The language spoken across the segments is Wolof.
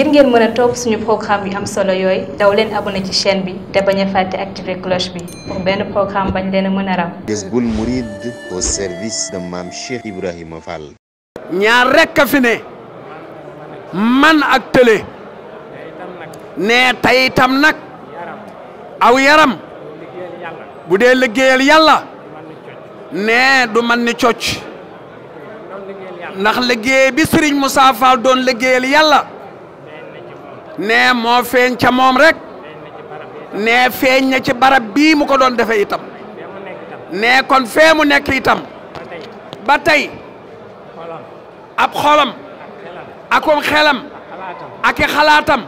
ngir ngeen mën a toog suñu programme yu am solo yooyu daw leen abonné ci chaîne bi te bañ a fàtte activer cloche bi pour benn programme bañ leen a mën a raw. Jazboul Mouride au service de Mame Cheikh Ibrahima Fall. ñaar rekk a fi ne man ak tële nee tey itam nag aw yaram bu dee liggéeyal yàlla nee du man ni cocc. ndax liggéey bi Serigne Moussa Fall doon liggéeyal yàlla nee moo feeñ ca moom rek nee feeñ na ci barab bii mu ko doon defee itam nee kon fee mu nekk itam ba tey ab xolam akum xelam ak i xalaatam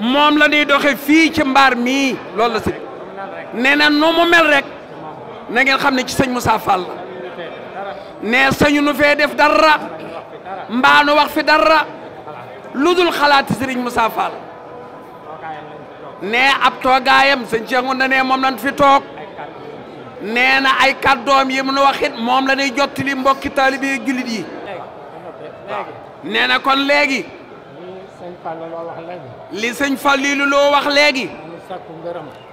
moom la ñuy doxe fii ci mbaar mii lool la nee na nu mel rek na ngeen xam ne ci sëñ Moussa Fall la nee sañu nu fee def dara mbaa wax fi dara lu dul xalaati Serigne Moussa Fall nee ab toogaayam sëñ Cheikh na ne moom lañ fi toog nee na ay kàddoom yi mu nu wax it moom la ñuy jottali mbokki taalibe yi jullit yi nee na kon léegi li sëñ Fallilu loo wax léegi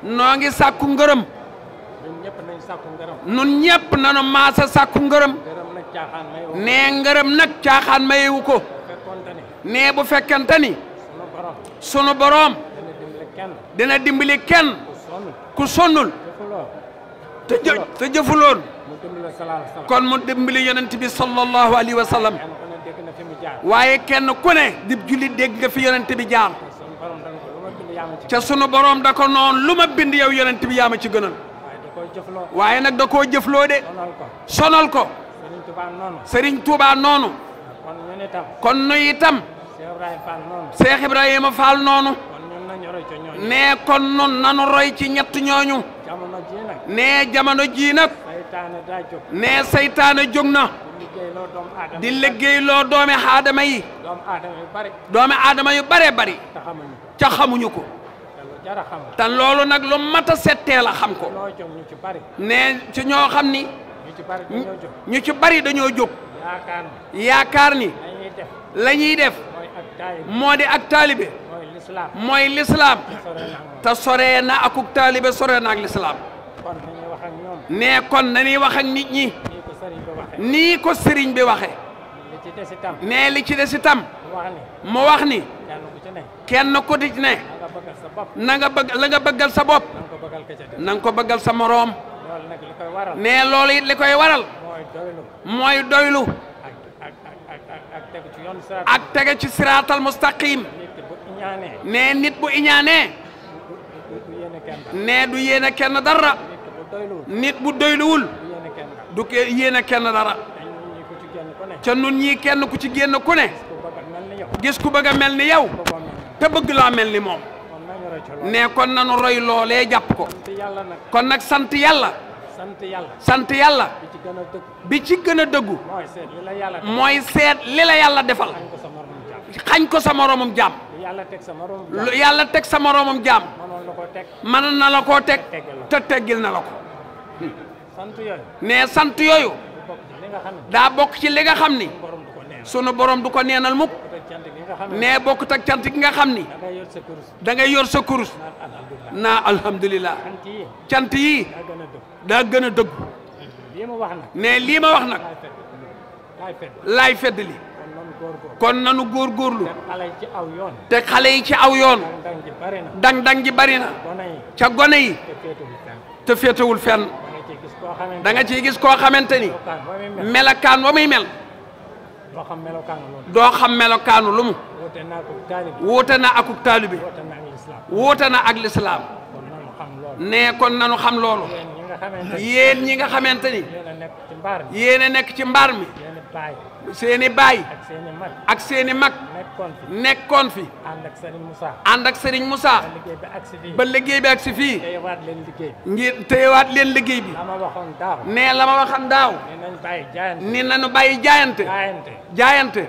noo ngi sàkku ngërëm nun ñëpp nanu maasa sàkku ngërëm nee ngërëm nag caaxaan mayewu ko nee bu fekkente ni sunu boroom dina dimbali kenn ku sonnul te jë te jëfuloon kon mu dimbali yonent bi sallallahu alayhi waaye kenn ku ne dib julli dégg nga fi yonent jaar ca sunu boroom da noon lu ma bind yow yonent bi yaa ma ci gënal waaye nag da koo jëfloo de sonal ko Serigne Touba noonu. kon nuy itam. Cheikh Ibrahima Fall noonu. nee kon nun nanu roy ci ñett ñooñu. nee jamono jii nag. nee saytaane jóg na. di liggéeyloo doomi aadama yi. doomi aadama yu bare bari. ca xamuñu ko. te loolu nag lu mat settee la xam ko. nee ci ñoo xam ni. ñu ci bari dañoo jóg. Ya karni, la def moo di ak talibé moy l'islam ta soree na akuk talibé sore na ak l'islam ne kon nañuy wax ak nit ñi ni ko sëriñ bi waxé ne li ci dess tam mo wax ni kenn ko di ne na nga bëgg la nga bëggal sa bop na nga bëggal sa ne loolu li koy waral mooy doylu ak tege ci siraatal mustaqim nee nit bu iñaanee nee du yéene kenn dara nit bu doyluwul du yéene kenn dara ca nun ñii kenn ku ci génn ku ne gis ku bëgg a mel ni yow te bëgg laa mel ni moom nee kon nanu roy jàpp ko kon nag sant yàlla sant yàlla sant yàlla. bi ci gën dëggu bi ci gën a dëggu. mooy seet li la yàlla defal mooy seet li xañ ko sa moromam jaam. yàlla teg sa moromam jaam. lu yàlla teg sa moromam jaam. mënoon na koo teg. mënoon na la koo teg. te teggil na la ko. sant nee sant yooyu. daa bokk ci li nga xam ni. sunu borom du ko neenal mukk. nee bokkut ak cant gi nga xam ni. da ngay yor sa kurus. naa alhamdulilah. cant yi. daa gën a dëgg ne lii ma wax nag laay fedd li kon nanu góorgóorlu te xale yi ci aw yoon dang-dang ji bari na ca gone yi te féetewul fenn danga nga ciy gis koo xamante ni melokaan wa muy mel doo xam melokaanu lu mu wuute na akub taalibi wuute na ak lislaam ne kon nanu xam loolu yéen ñi nga xamante ni yéen a nekk ci mbaar mi seen i baay ak seeni i mag nekkoon fi ànd ak Serigne Moussa ba liggéey bi ak si fii ngir téyewaat leen liggéey bi nee la ma waxoon daaw ni nañu bàyyi jaayante jaayante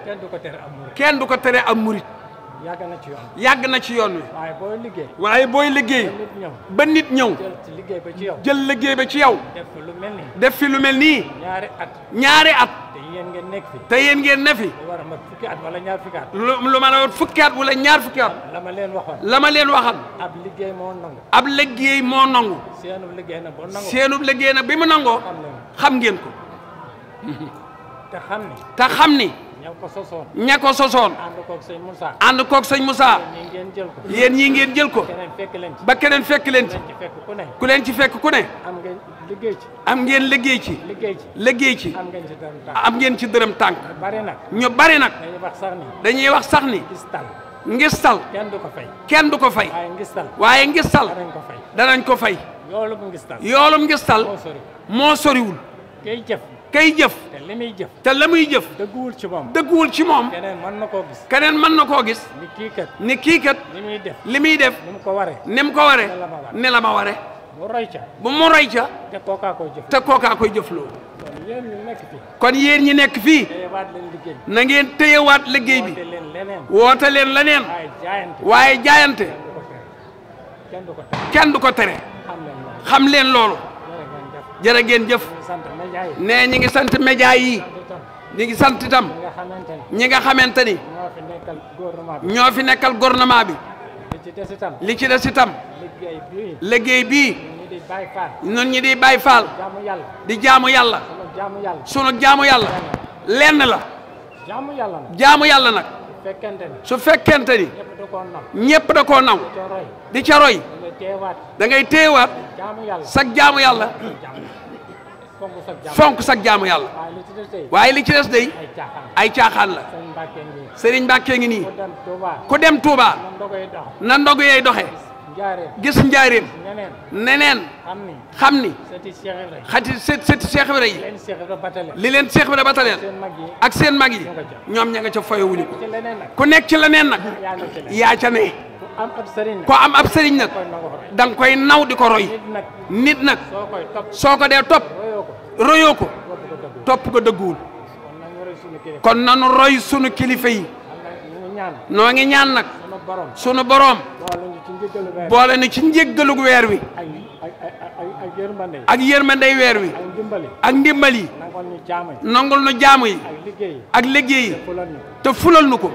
kenn du ko tere am murit yàgg na ci yoon wi. yàgg na ci yoon wi. waaye booy liggéey. waaye booy liggéey. ba nit ñëw. jël liggéey ba ci yow. jël liggéey ba ci yow. def fi lu mel nii. def fi lu mel nii. ñaari at. ñaari at. te yéen ngeen nekk fi. te yéen ngeen ne fi. lu war a mat fukki at wala ñaar fukki at. lu lu la ñaar fukki at. ma leen waxoon. la ma leen ab liggéey moo nangu. ab liggéey moo nangu. seenub liggéey na boo nangoo. seenub liggéey nag bi mu nangoo. xam ngeen ko. te xam ni. ña ko sosoon. ña ko sosoon. ànd koog sëñ Moussa. ànd koog sëñ Moussa. yéen ñii ngeen jël ko. ba keneen fekk leen ci. ku leen ci fekk ku ne. am ngeen liggéey ci. am ngeen liggéey ci. liggéey ci. am ngeen ci dërëm tànk. ñu bari nag. dañuy wax sax ni. ngistal kenn du ko fay kenn du ko fay waaye ngistal danañ ko fay yoolum ngistal moo soriwul kay jëf jëf li muy jëf. te la muy jëf. dëgguwul ci moom dëgguwul ci moom. keneen mën na koo gis. keneen mën na koo gis. ni kii kii kat. li muy def li muy def. ni ko ware ni mu ko waree la ma waree. mu roy ca bu mu roy ca. te kookaa jëf te kookaa koy loolu. kon yéen ñi nekk fii. kon yéen na ngeen téyewaat liggéey bi. woote leen leneen. waaye jaayante. kenn du ko tere. xam leen loolu. jërë ngeen jëf nee ñi ngi sant média yi ñi ngi sant itam ñi nga xamante ni ñoo fi nekkal gouvernement bi li ci des itam liggéey bii ñun ñi di bàyyi faal di jaamu yàlla sunu jaamu yàlla lenn la jaamu yàlla nag su fekkente ni ñëpp da koo naw di ca roy da ngay teewaat sag jaamu yàlla fonk sag jaamu yàlla waaye li ci des day ay caaxaan la sëriñ Mbàkke ngi nii ku dem Touba na ndogu yey doxe gis njaareem neneen xam ni xati sëti Cheikh Ibra yi li leen Cheikh Ibra bataleel ak seen mag yi ñoom ña nga ca fayo ku nekk ci leneen nag yaa ca ne ko am ab sëriñ nag da nga koy naw di ko roy nit nag soo ko dee topp royoo ko topp ko dëgguwul kon nanu roy sunu kilifa yi noo ngi ñaan nag sunu boroom boole na ci njëggalug weer wi. ak yërmandey weer wi. ak ndimbal yi. nangul nu jaamu yi. ak liggéey yi. te fulal nu ko.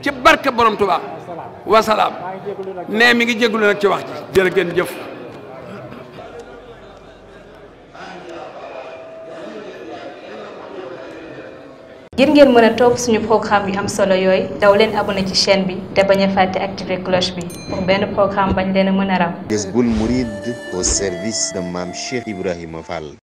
ci barke borom Tuubaa. wasalaam. nee mi ngi jégalu nag ci wax ji. gen jëf. ngir ngeen mën a toog suñu programme yu am solo yooy daw leen abonné ci chaîne bi te bañ a fàtte activer cloche bi pour benn programme bañ leen a mën a ram Jazboul Mouride au service de Mame Cheikh Ibrahima Fall